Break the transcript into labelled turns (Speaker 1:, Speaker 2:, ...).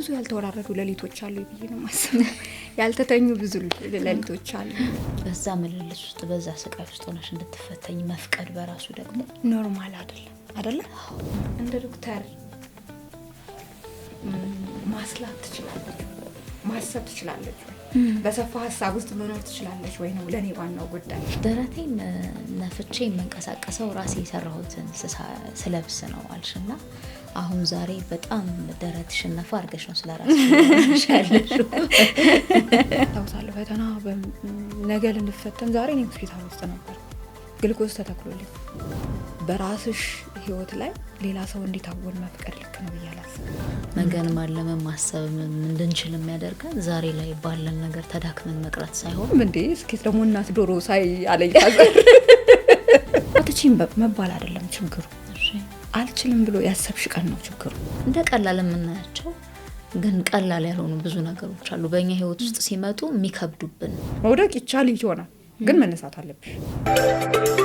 Speaker 1: ብዙ ያልተወራረዱ ሌሊቶች አሉ ብዬ ነው ማስበው። ያልተተኙ ብዙ ሌሊቶች አሉ።
Speaker 2: በዛ ምልልስ ውስጥ በዛ ስቃይ ውስጥ ሆነሽ እንድትፈተኝ መፍቀድ በራሱ ደግሞ
Speaker 1: ኖርማል አይደለም አደለ እንደ ዶክተር ማስላት ትችላለች፣ ማሰብ ትችላለች፣ በሰፋ ሀሳብ ውስጥ መኖር ትችላለች ወይ ነው ለእኔ ዋናው ጉዳይ።
Speaker 2: ደረቴን ነፍቼ የምንቀሳቀሰው ራሴ የሰራሁትን ስለብስ ነው አልሽና አሁን ዛሬ በጣም ደረትሽ ነፋ አድርገሽ ነው ስለራስሽ ያለሽው።
Speaker 1: ፈተና ነገ ልንፈተን ዛሬ እኔ ሆስፒታል ውስጥ ነበር። ግልኮስ ተተክሎልኝ በራስሽ ህይወት ላይ ሌላ ሰው እንዲታወን መፍቀድ ልክ ነው ብያለሁ።
Speaker 2: ነገን ማለምን ማሰብ እንድንችል የሚያደርገን ዛሬ ላይ ባለን ነገር ተዳክመን መቅረት ሳይሆን
Speaker 1: እንዴ እስኬት ደግሞ እናት ዶሮ ሳይ አለኝ ታዘር አትችይም መባል አይደለም ችግሩ አልችልም ብሎ ያሰብሽ ቀን ነው ችግሩ።
Speaker 2: እንደ ቀላል የምናያቸው ግን ቀላል ያልሆኑ ብዙ ነገሮች አሉ በእኛ ህይወት ውስጥ ሲመጡ የሚከብዱብን።
Speaker 1: መውደቅ ይቻል ይሆናል፣ ግን መነሳት አለብሽ።